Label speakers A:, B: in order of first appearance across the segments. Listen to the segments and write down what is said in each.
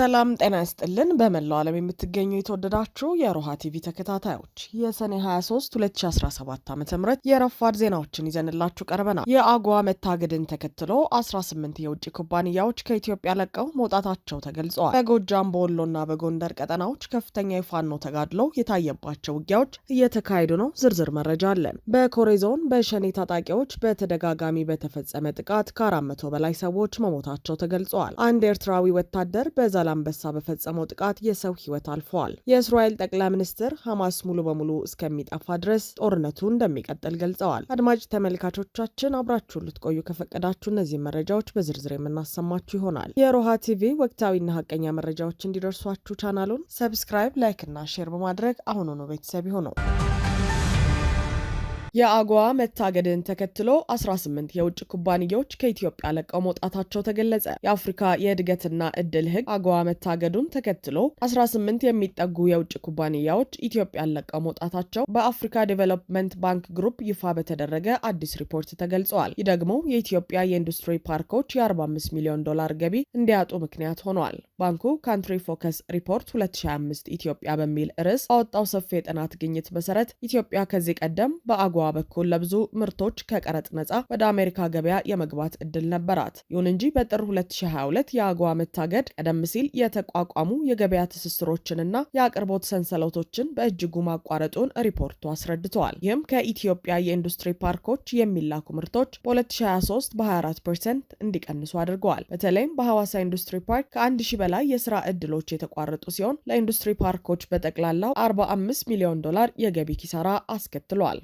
A: ሰላም ጤና ይስጥልን። በመላው ዓለም የምትገኙ የተወደዳችሁ የሮሃ ቲቪ ተከታታዮች የሰኔ 23 2017 ዓ ም የረፋድ ዜናዎችን ይዘንላችሁ ቀርበናል። የአጓ መታገድን ተከትሎ 18 የውጭ ኩባንያዎች ከኢትዮጵያ ለቀው መውጣታቸው ተገልጸዋል። በጎጃም በወሎና በጎንደር ቀጠናዎች ከፍተኛ የፋኖ ተጋድሎ የታየባቸው ውጊያዎች እየተካሄዱ ነው። ዝርዝር መረጃ አለን። በኮሬ ዞን በሸኔ ታጣቂዎች በተደጋጋሚ በተፈጸመ ጥቃት ከ400 በላይ ሰዎች መሞታቸው ተገልጸዋል። አንድ ኤርትራዊ ወታደር በዛላ አንበሳ በፈጸመው ጥቃት የሰው ሕይወት አልፈዋል። የእስራኤል ጠቅላይ ሚኒስትር ሐማስ ሙሉ በሙሉ እስከሚጠፋ ድረስ ጦርነቱ እንደሚቀጥል ገልጸዋል። አድማጭ ተመልካቾቻችን አብራችሁን ልትቆዩ ከፈቀዳችሁ እነዚህ መረጃዎች በዝርዝር የምናሰማችሁ ይሆናል። የሮሃ ቲቪ ወቅታዊና ሀቀኛ መረጃዎች እንዲደርሷችሁ ቻናሉን ሰብስክራይብ፣ ላይክ እና ሼር በማድረግ አሁኑኑ ቤተሰብ ይሁኑ። የአጓ መታገድን ተከትሎ 18 የውጭ ኩባንያዎች ከኢትዮጵያ ለቀው መውጣታቸው ተገለጸ። የአፍሪካ የእድገትና እድል ህግ አጓ መታገዱን ተከትሎ 18 የሚጠጉ የውጭ ኩባንያዎች ኢትዮጵያን ለቀው መውጣታቸው በአፍሪካ ዴቨሎፕመንት ባንክ ግሩፕ ይፋ በተደረገ አዲስ ሪፖርት ተገልጸዋል። ይህ ደግሞ የኢትዮጵያ የኢንዱስትሪ ፓርኮች የ45 ሚሊዮን ዶላር ገቢ እንዲያጡ ምክንያት ሆኗል። ባንኩ ካንትሪ ፎከስ ሪፖርት 2025 ኢትዮጵያ በሚል ርዕስ አወጣው ሰፊ የጥናት ግኝት መሰረት ኢትዮጵያ ከዚህ ቀደም በአጎዋ በኩል ለብዙ ምርቶች ከቀረጥ ነጻ ወደ አሜሪካ ገበያ የመግባት እድል ነበራት። ይሁን እንጂ በጥር 2022 የአጎዋ መታገድ ቀደም ሲል የተቋቋሙ የገበያ ትስስሮችንና የአቅርቦት ሰንሰለቶችን በእጅጉ ማቋረጡን ሪፖርቱ አስረድተዋል። ይህም ከኢትዮጵያ የኢንዱስትሪ ፓርኮች የሚላኩ ምርቶች በ2023 በ24 ፐርሰንት እንዲቀንሱ አድርገዋል። በተለይም በሐዋሳ ኢንዱስትሪ ፓርክ ከ1000 በላይ የስራ እድሎች የተቋረጡ ሲሆን ለኢንዱስትሪ ፓርኮች በጠቅላላው 45 ሚሊዮን ዶላር የገቢ ኪሳራ አስከትሏል።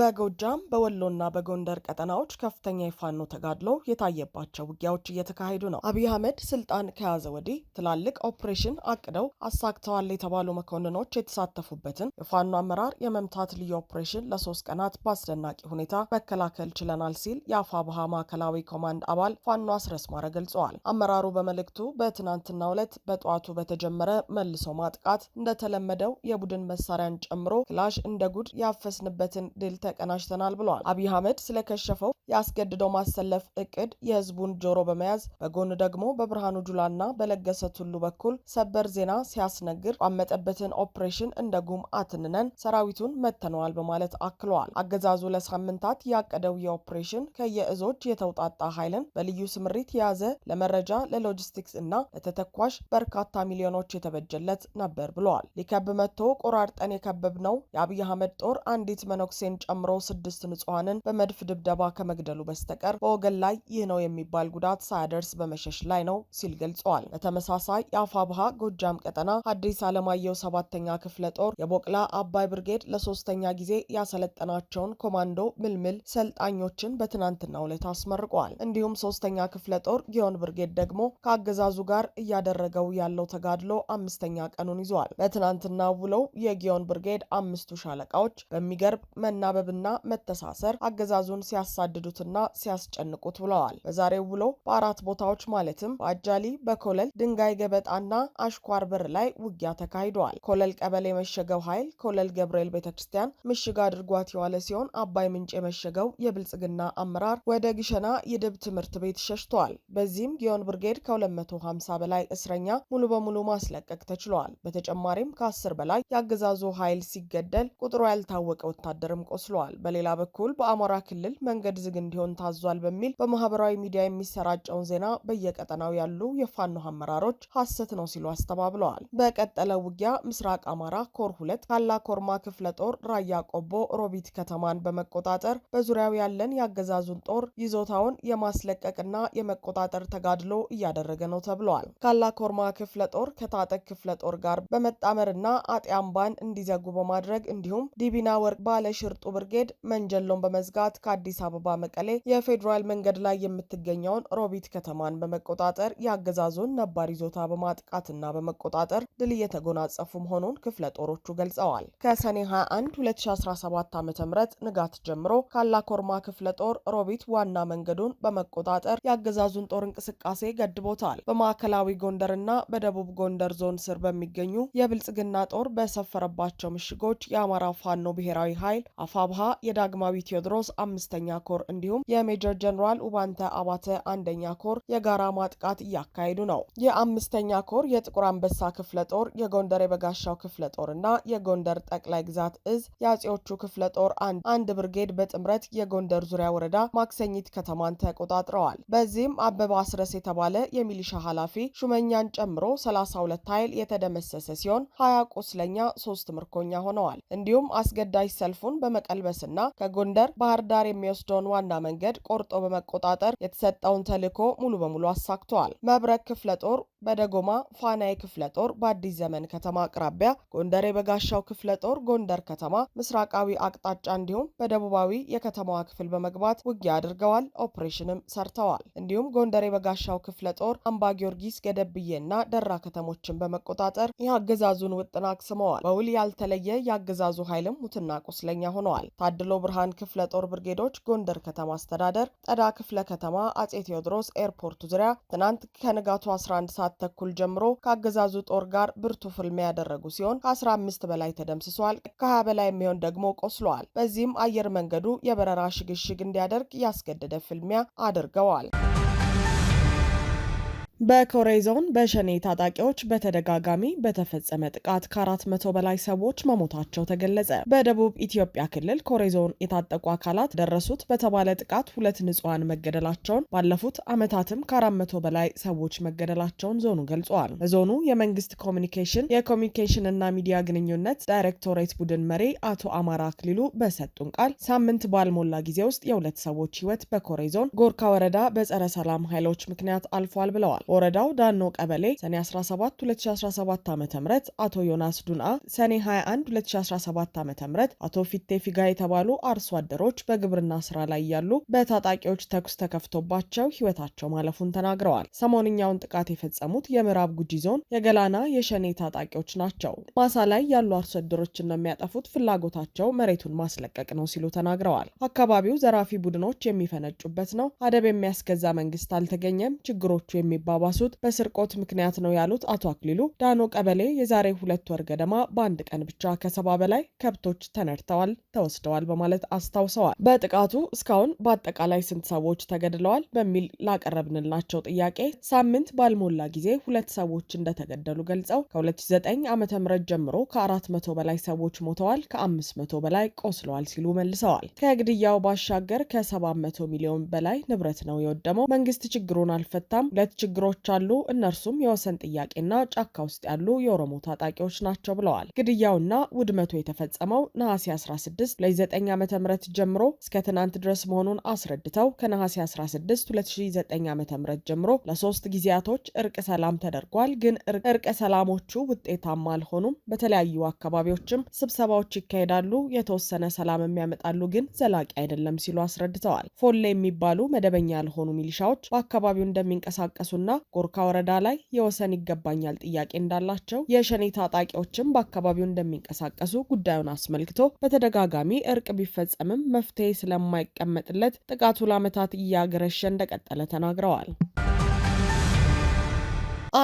A: በጎጃም በወሎና በጎንደር ቀጠናዎች ከፍተኛ የፋኖ ተጋድሎ የታየባቸው ውጊያዎች እየተካሄዱ ነው። አብይ አህመድ ስልጣን ከያዘ ወዲህ ትላልቅ ኦፕሬሽን አቅደው አሳክተዋል የተባሉ መኮንኖች የተሳተፉበትን የፋኖ አመራር የመምታት ልዩ ኦፕሬሽን ለሶስት ቀናት በአስደናቂ ሁኔታ መከላከል ችለናል ሲል የአፋ ባሃ ማዕከላዊ ኮማንድ አባል ፋኖ አስረስ ማረ ገልጸዋል። አመራሩ በመልእክቱ በትናንትናው ዕለት በጠዋቱ በተጀመረ መልሶ ማጥቃት እንደተለመደው የቡድን መሳሪያን ጨምሮ ክላሽ እንደ ጉድ ያፈስንበትን ድል ተቀናጅተናል ብለዋል። አብይ አህመድ ስለከሸፈው የአስገድደው ማሰለፍ እቅድ የህዝቡን ጆሮ በመያዝ በጎን ደግሞ በብርሃኑ ጁላና በለገሰ ቱሉ በኩል ሰበር ዜና ሲያስነግር ቋመጠበትን ኦፕሬሽን እንደ ጉም አትንነን ሰራዊቱን መተነዋል በማለት አክለዋል። አገዛዙ ለሳምንታት ያቀደው የኦፕሬሽን ከየእዞች የተውጣጣ ኃይልን በልዩ ስምሪት የያዘ ለመረጃ ለሎጂስቲክስ እና ለተተኳሽ በርካታ ሚሊዮኖች የተበጀለት ነበር ብለዋል። ሊከብ መጥቶ ቆራርጠን የከበብነው የአብይ አህመድ ጦር አንዲት መነኩሴን ጨ ጨምሮ ስድስት ንጹሐንን በመድፍ ድብደባ ከመግደሉ በስተቀር በወገን ላይ ይህ ነው የሚባል ጉዳት ሳያደርስ በመሸሽ ላይ ነው ሲል ገልጸዋል። በተመሳሳይ የአፋብሃ ጎጃም ቀጠና ሐዲስ ዓለማየሁ ሰባተኛ ክፍለ ጦር የቦቅላ አባይ ብርጌድ ለሶስተኛ ጊዜ ያሰለጠናቸውን ኮማንዶ ምልምል ሰልጣኞችን በትናንትናው ዕለት አስመርቀዋል። እንዲሁም ሶስተኛ ክፍለ ጦር ጊዮን ብርጌድ ደግሞ ከአገዛዙ ጋር እያደረገው ያለው ተጋድሎ አምስተኛ ቀኑን ይዘዋል። በትናንትና ውለው የጊዮን ብርጌድ አምስቱ ሻለቃዎች በሚገርብ መናበብ መናበብና መተሳሰር አገዛዙን ሲያሳድዱትና ሲያስጨንቁት ብለዋል። በዛሬው ውሎ በአራት ቦታዎች ማለትም በአጃሊ፣ በኮለል፣ ድንጋይ ገበጣና አሽኳር በር ላይ ውጊያ ተካሂደዋል። ኮለል ቀበሌ የመሸገው ኃይል ኮለል ገብርኤል ቤተ ክርስቲያን ምሽግ አድርጓት የዋለ ሲሆን አባይ ምንጭ የመሸገው የብልጽግና አመራር ወደ ግሸና የድብ ትምህርት ቤት ሸሽተዋል። በዚህም ጊዮን ብርጌድ ከ250 በላይ እስረኛ ሙሉ በሙሉ ማስለቀቅ ተችሏል። በተጨማሪም ከ10 በላይ የአገዛዙ ኃይል ሲገደል ቁጥሩ ያልታወቀ ወታደርም ቆስሏል። ችሏል። በሌላ በኩል በአማራ ክልል መንገድ ዝግ እንዲሆን ታዟል በሚል በማህበራዊ ሚዲያ የሚሰራጨውን ዜና በየቀጠናው ያሉ የፋኖ አመራሮች ሐሰት ነው ሲሉ አስተባብለዋል። በቀጠለው ውጊያ ምስራቅ አማራ ኮር ሁለት ካላ ኮርማ ክፍለ ጦር ራያ ቆቦ ሮቢት ከተማን በመቆጣጠር በዙሪያው ያለን የአገዛዙን ጦር ይዞታውን የማስለቀቅና የመቆጣጠር ተጋድሎ እያደረገ ነው ተብለዋል። ካላ ኮርማ ክፍለ ጦር ከታጠቅ ክፍለ ጦር ጋር በመጣመርና አጤ እንዲዘጉ በማድረግ እንዲሁም ዲቢና ወርቅ ባለሽርጡ ብርጌድ መንጀሎን በመዝጋት ከአዲስ አበባ መቀሌ የፌዴራል መንገድ ላይ የምትገኘውን ሮቢት ከተማን በመቆጣጠር የአገዛዙን ነባር ይዞታ በማጥቃትና በመቆጣጠር ድል እየተጎናጸፉ መሆኑን ክፍለ ጦሮቹ ገልጸዋል። ከሰኔ 21 2017 ዓ ም ንጋት ጀምሮ ካላኮርማ ክፍለ ጦር ሮቢት ዋና መንገዱን በመቆጣጠር የአገዛዙን ጦር እንቅስቃሴ ገድቦታል። በማዕከላዊ ጎንደርና በደቡብ ጎንደር ዞን ስር በሚገኙ የብልጽግና ጦር በሰፈረባቸው ምሽጎች የአማራ ፋኖ ብሔራዊ ኃይል አፋ አብሃ የዳግማዊ ቴዎድሮስ አምስተኛ ኮር እንዲሁም የሜጀር ጀኔራል ውባንተ አባተ አንደኛ ኮር የጋራ ማጥቃት እያካሄዱ ነው። የአምስተኛ ኮር የጥቁር አንበሳ ክፍለ ጦር፣ የጎንደር የበጋሻው ክፍለ ጦር እና የጎንደር ጠቅላይ ግዛት እዝ የአጼዎቹ ክፍለ ጦር አንድ ብርጌድ በጥምረት የጎንደር ዙሪያ ወረዳ ማክሰኝት ከተማን ተቆጣጥረዋል። በዚህም አበባ አስረስ የተባለ የሚሊሻ ኃላፊ ሹመኛን ጨምሮ 32 ኃይል የተደመሰሰ ሲሆን 20 ቁስለኛ፣ ሶስት ምርኮኛ ሆነዋል። እንዲሁም አስገዳጅ ሰልፉን በመቀ በመቀልበስና ከጎንደር ባህር ዳር የሚወስደውን ዋና መንገድ ቆርጦ በመቆጣጠር የተሰጠውን ተልዕኮ ሙሉ በሙሉ አሳክተዋል። መብረቅ ክፍለ ጦር በደጎማ፣ ፋናዬ ክፍለ ጦር በአዲስ ዘመን ከተማ አቅራቢያ፣ ጎንደር የበጋሻው ክፍለ ጦር ጎንደር ከተማ ምስራቃዊ አቅጣጫ እንዲሁም በደቡባዊ የከተማዋ ክፍል በመግባት ውጊያ አድርገዋል። ኦፕሬሽንም ሰርተዋል። እንዲሁም ጎንደር የበጋሻው ክፍለ ጦር አምባ ጊዮርጊስ፣ ገደብዬና ደራ ከተሞችን በመቆጣጠር የአገዛዙን ውጥን አክስመዋል። በውል ያልተለየ የአገዛዙ ኃይልም ሙትና ቁስለኛ ሆነዋል። ተገኝተዋል። ታድሎ ብርሃን ክፍለ ጦር ብርጌዶች ጎንደር ከተማ አስተዳደር ጠዳ ክፍለ ከተማ አጼ ቴዎድሮስ ኤርፖርቱ ዙሪያ ትናንት ከንጋቱ 11 ሰዓት ተኩል ጀምሮ ከአገዛዙ ጦር ጋር ብርቱ ፍልሚያ ያደረጉ ሲሆን ከ15 በላይ ተደምስሷል፣ ከ20 በላይ የሚሆን ደግሞ ቆስለዋል። በዚህም አየር መንገዱ የበረራ ሽግሽግ እንዲያደርግ ያስገደደ ፍልሚያ አድርገዋል። በኮሬ ዞን በሸኔ ታጣቂዎች በተደጋጋሚ በተፈጸመ ጥቃት ከአራት መቶ በላይ ሰዎች መሞታቸው ተገለጸ። በደቡብ ኢትዮጵያ ክልል ኮሬ ዞን የታጠቁ አካላት ደረሱት በተባለ ጥቃት ሁለት ንጹሐን መገደላቸውን፣ ባለፉት ዓመታትም ከአራት መቶ በላይ ሰዎች መገደላቸውን ዞኑ ገልጿል። በዞኑ የመንግስት ኮሚኒኬሽን የኮሚኒኬሽን እና ሚዲያ ግንኙነት ዳይሬክቶሬት ቡድን መሪ አቶ አማራ አክሊሉ በሰጡን ቃል ሳምንት ባልሞላ ጊዜ ውስጥ የሁለት ሰዎች ህይወት በኮሬ ዞን ጎርካ ወረዳ በጸረ ሰላም ኃይሎች ምክንያት አልፏል ብለዋል። ወረዳው ዳኖ ቀበሌ ሰኔ 17 2017 ዓ ም አቶ ዮናስ ዱና ሰኔ 21 2017 ዓ ም አቶ ፊቴ ፊጋ የተባሉ አርሶ አደሮች በግብርና ስራ ላይ ያሉ በታጣቂዎች ተኩስ ተከፍቶባቸው ህይወታቸው ማለፉን ተናግረዋል። ሰሞንኛውን ጥቃት የፈጸሙት የምዕራብ ጉጂ ዞን የገላና የሸኔ ታጣቂዎች ናቸው። ማሳ ላይ ያሉ አርሶ አደሮችን ነው የሚያጠፉት፣ ፍላጎታቸው መሬቱን ማስለቀቅ ነው ሲሉ ተናግረዋል። አካባቢው ዘራፊ ቡድኖች የሚፈነጩበት ነው። አደብ የሚያስገዛ መንግስት አልተገኘም። ችግሮቹ የሚባ የተባባሱት በስርቆት ምክንያት ነው ያሉት አቶ አክሊሉ ዳኖ ቀበሌ የዛሬ ሁለት ወር ገደማ በአንድ ቀን ብቻ ከሰባ በላይ ከብቶች ተነድተዋል፣ ተወስደዋል በማለት አስታውሰዋል። በጥቃቱ እስካሁን በአጠቃላይ ስንት ሰዎች ተገድለዋል በሚል ላቀረብንላቸው ጥያቄ ሳምንት ባልሞላ ጊዜ ሁለት ሰዎች እንደተገደሉ ገልጸው ከ2009 ዓ ም ጀምሮ ከ400 በላይ ሰዎች ሞተዋል፣ ከ500 በላይ ቆስለዋል ሲሉ መልሰዋል። ከግድያው ባሻገር ከ700 ሚሊዮን በላይ ንብረት ነው የወደመው። መንግስት ችግሩን አልፈታም፣ ሁለት ችግሮ ችግሮች አሉ፣ እነርሱም የወሰን ጥያቄና ጫካ ውስጥ ያሉ የኦሮሞ ታጣቂዎች ናቸው ብለዋል። ግድያውና ውድመቱ የተፈጸመው ነሐሴ 16 2009 ዓ ም ጀምሮ እስከ ትናንት ድረስ መሆኑን አስረድተው ከነሐሴ 16 2009 ዓ ም ጀምሮ ለሶስት ጊዜያቶች እርቅ ሰላም ተደርጓል። ግን እርቀ ሰላሞቹ ውጤታማ አልሆኑም። በተለያዩ አካባቢዎችም ስብሰባዎች ይካሄዳሉ፣ የተወሰነ ሰላምም ያመጣሉ፣ ግን ዘላቂ አይደለም ሲሉ አስረድተዋል። ፎሌ የሚባሉ መደበኛ ያልሆኑ ሚሊሻዎች በአካባቢው እንደሚንቀሳቀሱና ጎርካ ወረዳ ላይ የወሰን ይገባኛል ጥያቄ እንዳላቸው፣ የሸኔ ታጣቂዎችም በአካባቢው እንደሚንቀሳቀሱ ጉዳዩን አስመልክቶ በተደጋጋሚ እርቅ ቢፈጸምም መፍትሄ ስለማይቀመጥለት ጥቃቱ ለዓመታት እያገረሸ እንደቀጠለ ተናግረዋል።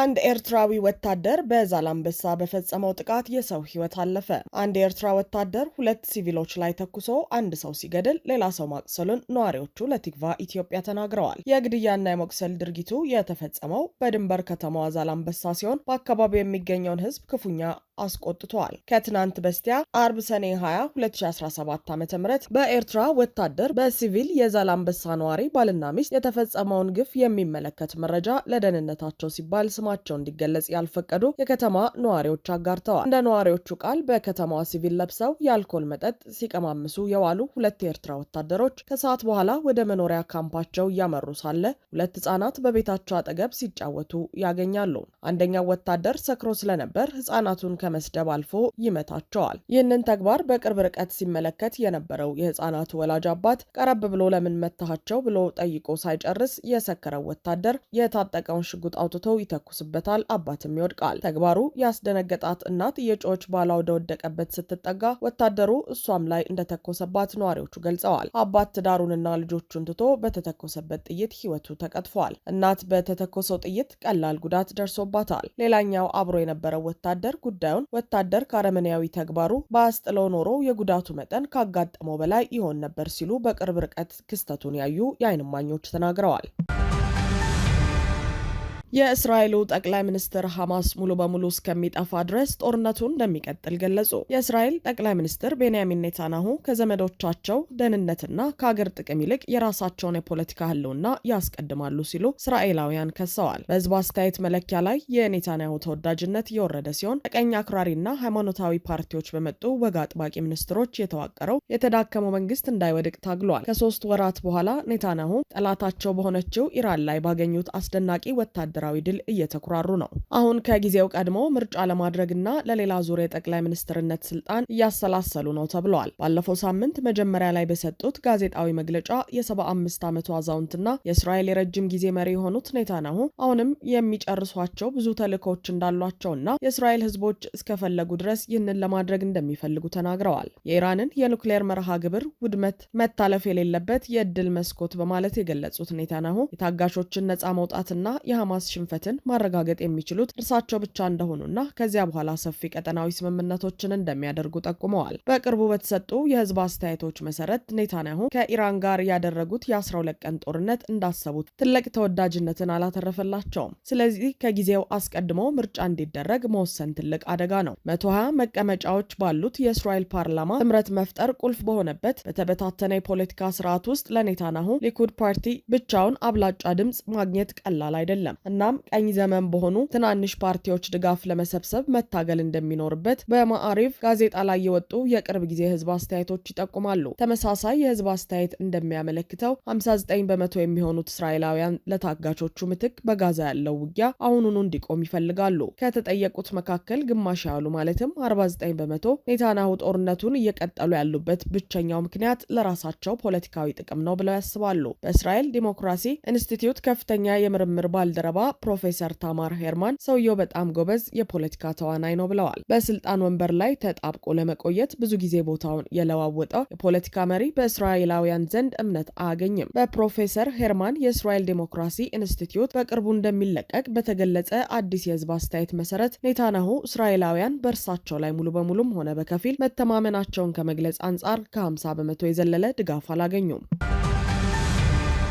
A: አንድ ኤርትራዊ ወታደር በዛላምበሳ በፈጸመው ጥቃት የሰው ህይወት አለፈ። አንድ የኤርትራ ወታደር ሁለት ሲቪሎች ላይ ተኩሶ አንድ ሰው ሲገድል ሌላ ሰው ማቅሰሉን ነዋሪዎቹ ለቲግቫ ኢትዮጵያ ተናግረዋል። የግድያና የመቁሰል ድርጊቱ የተፈጸመው በድንበር ከተማዋ ዛላምበሳ ሲሆን በአካባቢው የሚገኘውን ህዝብ ክፉኛ አስቆጥቷል። ከትናንት በስቲያ አርብ ሰኔ 20 2017 ዓ ም በኤርትራ ወታደር በሲቪል የዛላምበሳ ነዋሪ ባልና ሚስት የተፈጸመውን ግፍ የሚመለከት መረጃ ለደህንነታቸው ሲባል ስማቸው እንዲገለጽ ያልፈቀዱ የከተማ ነዋሪዎች አጋርተዋል። እንደ ነዋሪዎቹ ቃል በከተማዋ ሲቪል ለብሰው የአልኮል መጠጥ ሲቀማምሱ የዋሉ ሁለት የኤርትራ ወታደሮች ከሰዓት በኋላ ወደ መኖሪያ ካምፓቸው እያመሩ ሳለ ሁለት ህጻናት በቤታቸው አጠገብ ሲጫወቱ ያገኛሉ። አንደኛው ወታደር ሰክሮ ስለነበር ህጻናቱን ከመስደብ አልፎ ይመታቸዋል። ይህንን ተግባር በቅርብ ርቀት ሲመለከት የነበረው የህፃናቱ ወላጅ አባት ቀረብ ብሎ ለምን መታሃቸው ብሎ ጠይቆ ሳይጨርስ የሰከረው ወታደር የታጠቀውን ሽጉጥ አውጥቶ ይተኩስበታል። አባትም ይወድቃል። ተግባሩ ያስደነገጣት እናት የጮች ባሏ ወደወደቀበት ስትጠጋ ወታደሩ እሷም ላይ እንደተኮሰባት ነዋሪዎቹ ገልጸዋል። አባት ትዳሩንና ልጆቹን ትቶ በተተኮሰበት ጥይት ህይወቱ ተቀጥፏል። እናት በተተኮሰው ጥይት ቀላል ጉዳት ደርሶባታል። ሌላኛው አብሮ የነበረው ወታደር ጉዳዩ ሳይሆን ወታደር ከአረመኔያዊ ተግባሩ በአስጥለው ኖሮ የጉዳቱ መጠን ካጋጠመው በላይ ይሆን ነበር ሲሉ በቅርብ ርቀት ክስተቱን ያዩ የአይንማኞች ተናግረዋል። የእስራኤሉ ጠቅላይ ሚኒስትር ሐማስ ሙሉ በሙሉ እስከሚጠፋ ድረስ ጦርነቱ እንደሚቀጥል ገለጹ። የእስራኤል ጠቅላይ ሚኒስትር ቤንያሚን ኔታንያሁ ከዘመዶቻቸው ደህንነትና ከአገር ጥቅም ይልቅ የራሳቸውን የፖለቲካ ህልውና ያስቀድማሉ ሲሉ እስራኤላውያን ከሰዋል። በህዝብ አስተያየት መለኪያ ላይ የኔታንያሁ ተወዳጅነት የወረደ ሲሆን ቀኝ አክራሪና ሃይማኖታዊ ፓርቲዎች በመጡ ወግ አጥባቂ ሚኒስትሮች የተዋቀረው የተዳከመው መንግስት እንዳይወድቅ ታግሏል። ከሶስት ወራት በኋላ ኔታንያሁ ጠላታቸው በሆነችው ኢራን ላይ ባገኙት አስደናቂ ወታደር ወታደራዊ ድል እየተኩራሩ ነው። አሁን ከጊዜው ቀድሞ ምርጫ ለማድረግና ለሌላ ዙር የጠቅላይ ሚኒስትርነት ስልጣን እያሰላሰሉ ነው ተብለዋል። ባለፈው ሳምንት መጀመሪያ ላይ በሰጡት ጋዜጣዊ መግለጫ የ75 ዓመቱ አዛውንትና የእስራኤል የረጅም ጊዜ መሪ የሆኑት ኔታንያሁ አሁንም የሚጨርሷቸው ብዙ ተልእኮዎች እንዳሏቸውና የእስራኤል ህዝቦች እስከፈለጉ ድረስ ይህንን ለማድረግ እንደሚፈልጉ ተናግረዋል። የኢራንን የኑክሌር መርሃ ግብር ውድመት መታለፍ የሌለበት የእድል መስኮት በማለት የገለጹት ኔታንያሁ የታጋሾችን ነጻ መውጣትና የሐማስ ሽንፈትን ማረጋገጥ የሚችሉት እርሳቸው ብቻ እንደሆኑና ከዚያ በኋላ ሰፊ ቀጠናዊ ስምምነቶችን እንደሚያደርጉ ጠቁመዋል። በቅርቡ በተሰጡ የህዝብ አስተያየቶች መሰረት ኔታንያሁ ከኢራን ጋር ያደረጉት የ12 ቀን ጦርነት እንዳሰቡት ትልቅ ተወዳጅነትን አላተረፈላቸውም። ስለዚህ ከጊዜው አስቀድሞ ምርጫ እንዲደረግ መወሰን ትልቅ አደጋ ነው። መቶ ሀያ መቀመጫዎች ባሉት የእስራኤል ፓርላማ ጥምረት መፍጠር ቁልፍ በሆነበት በተበታተነ የፖለቲካ ስርዓት ውስጥ ለኔታንያሁ ሊኩድ ፓርቲ ብቻውን አብላጫ ድምፅ ማግኘት ቀላል አይደለም እና እናም ቀኝ ዘመን በሆኑ ትናንሽ ፓርቲዎች ድጋፍ ለመሰብሰብ መታገል እንደሚኖርበት በማዕሪቭ ጋዜጣ ላይ የወጡ የቅርብ ጊዜ ህዝብ አስተያየቶች ይጠቁማሉ። ተመሳሳይ የህዝብ አስተያየት እንደሚያመለክተው 59 በመቶ የሚሆኑት እስራኤላውያን ለታጋቾቹ ምትክ በጋዛ ያለው ውጊያ አሁኑኑ እንዲቆም ይፈልጋሉ። ከተጠየቁት መካከል ግማሽ ያሉ ማለትም 49 በመቶ ኔታንያሁ ጦርነቱን እየቀጠሉ ያሉበት ብቸኛው ምክንያት ለራሳቸው ፖለቲካዊ ጥቅም ነው ብለው ያስባሉ። በእስራኤል ዲሞክራሲ ኢንስቲትዩት ከፍተኛ የምርምር ባልደረባ ፕሮፌሰር ታማር ሄርማን ሰውየው በጣም ጎበዝ የፖለቲካ ተዋናይ ነው ብለዋል። በስልጣን ወንበር ላይ ተጣብቆ ለመቆየት ብዙ ጊዜ ቦታውን የለዋወጠው የፖለቲካ መሪ በእስራኤላውያን ዘንድ እምነት አያገኝም። በፕሮፌሰር ሄርማን የእስራኤል ዴሞክራሲ ኢንስቲትዩት በቅርቡ እንደሚለቀቅ በተገለጸ አዲስ የህዝብ አስተያየት መሰረት ኔታናሁ እስራኤላውያን በእርሳቸው ላይ ሙሉ በሙሉም ሆነ በከፊል መተማመናቸውን ከመግለጽ አንጻር ከ50 በመቶ የዘለለ ድጋፍ አላገኙም።